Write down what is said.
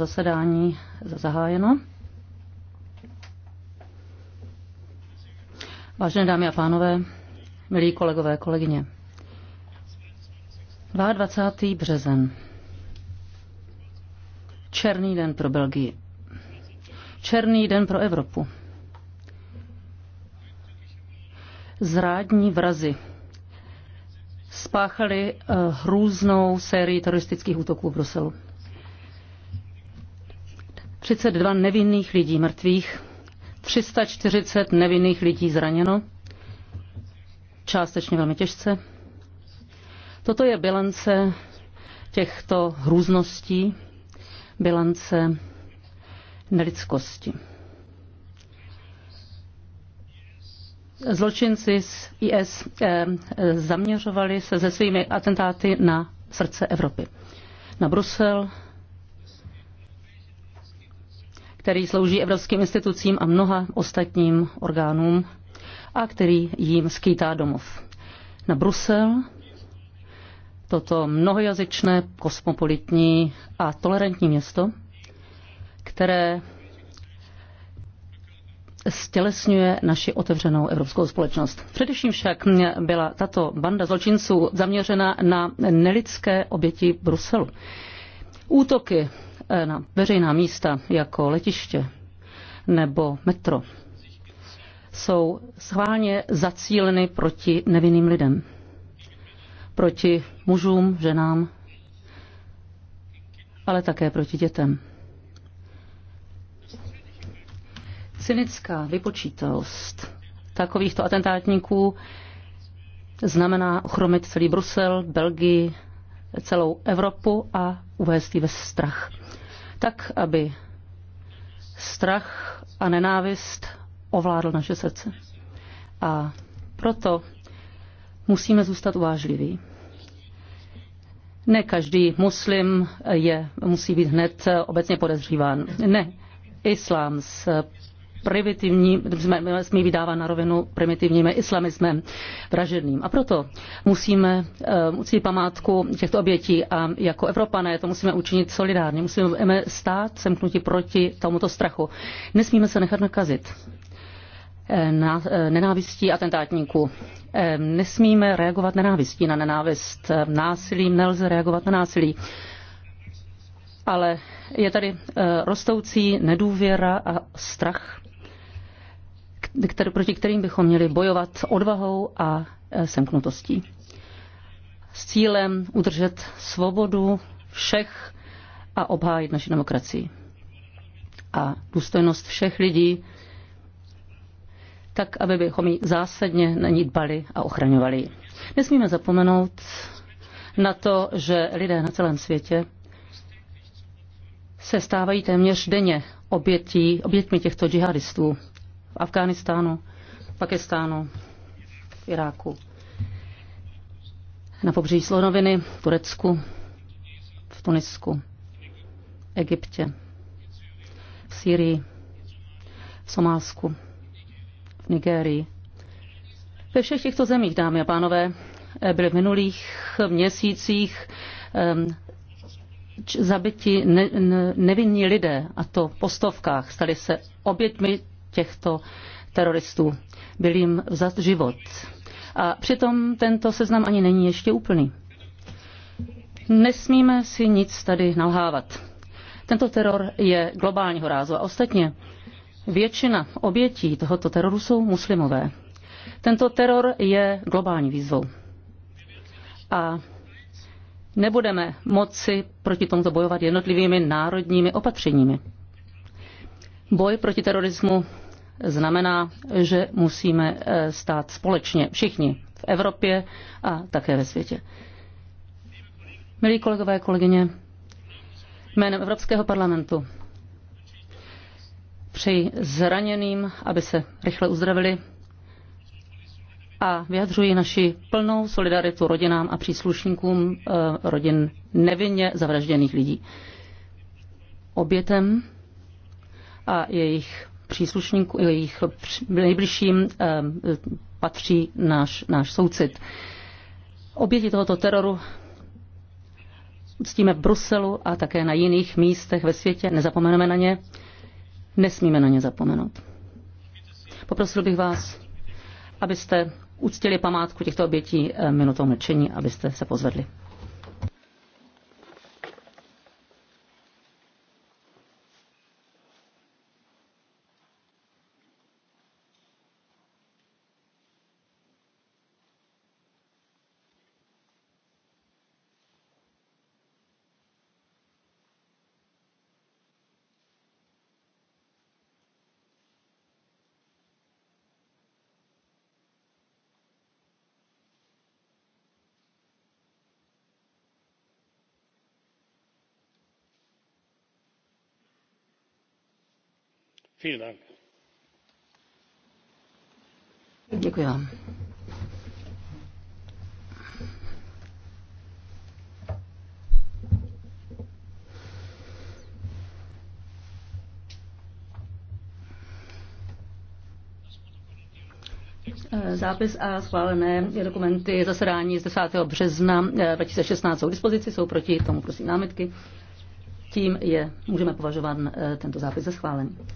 zasedání zahájeno. Vážené dámy a pánové, milí kolegové, kolegyně. 22. březen. Černý den pro Belgii. Černý den pro Evropu. Zrádní vrazy spáchali eh, hrůznou sérii teroristických útoků v Bruselu. 132 nevinných lidí mrtvých, 340 nevinných lidí zraněno, částečně velmi těžce. Toto je bilance těchto hrůzností, bilance nelidskosti. Zločinci z IS eh, zaměřovali se se svými atentáty na srdce Evropy. Na Brusel, který slouží evropským institucím a mnoha ostatním orgánům a který jim skýtá domov. Na Brusel toto mnohojazyčné, kosmopolitní a tolerantní město, které stělesňuje naši otevřenou evropskou společnost. Především však byla tato banda zločinců zaměřena na nelidské oběti Bruselu. Útoky Eh, na veřejná místa jako letiště nebo metro jsou schválně zacíleny proti nevinným lidem. Proti mužům, ženám, ale také proti dětem. Cynická vypočítalost takovýchto atentátníků znamená ochromit celý Brusel, Belgii, celou Evropu a uvést ji ve strach tak aby strach a nenávist ovládl naše srdce. A proto musíme zůstat uvážliví. Ne každý muslim je, musí být hned obecně podezříván. Ne, islám s primitivní, smí vydávat na rovinu primitivním islamismem vraženým. A proto musíme eh, uctít památku těchto obětí a jako Evropané to musíme učinit solidárně. Musíme stát semknutí proti tomuto strachu. Nesmíme se nechat nakazit eh, na, eh, nenávistí atentátníků. Nesmíme reagovat nenávistí na nenávist. Násilím nelze reagovat na násilí ale je tady rostoucí nedůvěra a strach který, proti kterým bychom měli bojovat s odvahou a e, semknutostí. S cílem udržet svobodu všech a obhájit naši demokracii. A důstojnost všech lidí, tak aby bychom ji zásadně na ní dbali a ochraňovali Nesmíme zapomenout na to, že lidé na celém světě se stávají téměř denně obětí, obětmi těchto džihadistů, v Afghánistánu, Pakistánu, v Iráku, na pobřeží Slonoviny, v Turecku, v Tunisku, Egyptě, v Syrii, v Somálsku, v Nigérii. Ve všech těchto zemích, dámy a pánové, byly v minulých měsících um, zabiti ne, ne, nevinní lidé, a to po stovkách, stali se oběťmi těchto teroristů. Byl jim vzat život. A přitom tento seznam ani není ještě úplný. Nesmíme si nic tady nalhávat. Tento teror je globálního rázu a ostatně většina obětí tohoto teroru jsou muslimové. Tento teror je globální výzvou. A nebudeme moci proti tomuto bojovat jednotlivými národními opatřeními. Boj proti terorismu znamená, že musíme eh, stát společně všichni v Evropě a také ve světě. Milí kolegové a kolegyně, jménem Evropského parlamentu přeji zraněným, aby se rychle uzdravili a vyjadřuji naši plnou solidaritu rodinám a příslušníkům eh, rodin nevinně zavražděných lidí. Obětem a jejich příslušníků, jejich nejbližším eh, patří náš, náš soucit. Oběti tohoto teroru ctíme v Bruselu a také na jiných místech ve světě. Nezapomeneme na ně, nesmíme na ně zapomenout. Poprosil bych vás, abyste uctili památku těchto obětí eh, minutou mlčení, abyste se pozvedli. Děkuji vám. Zápis a schválené dokumenty zasedání z 10. března 2016 eh, jsou k dispozici, jsou proti tomu prosím námitky. Tím je, můžeme považovat eh, tento zápis za schválený.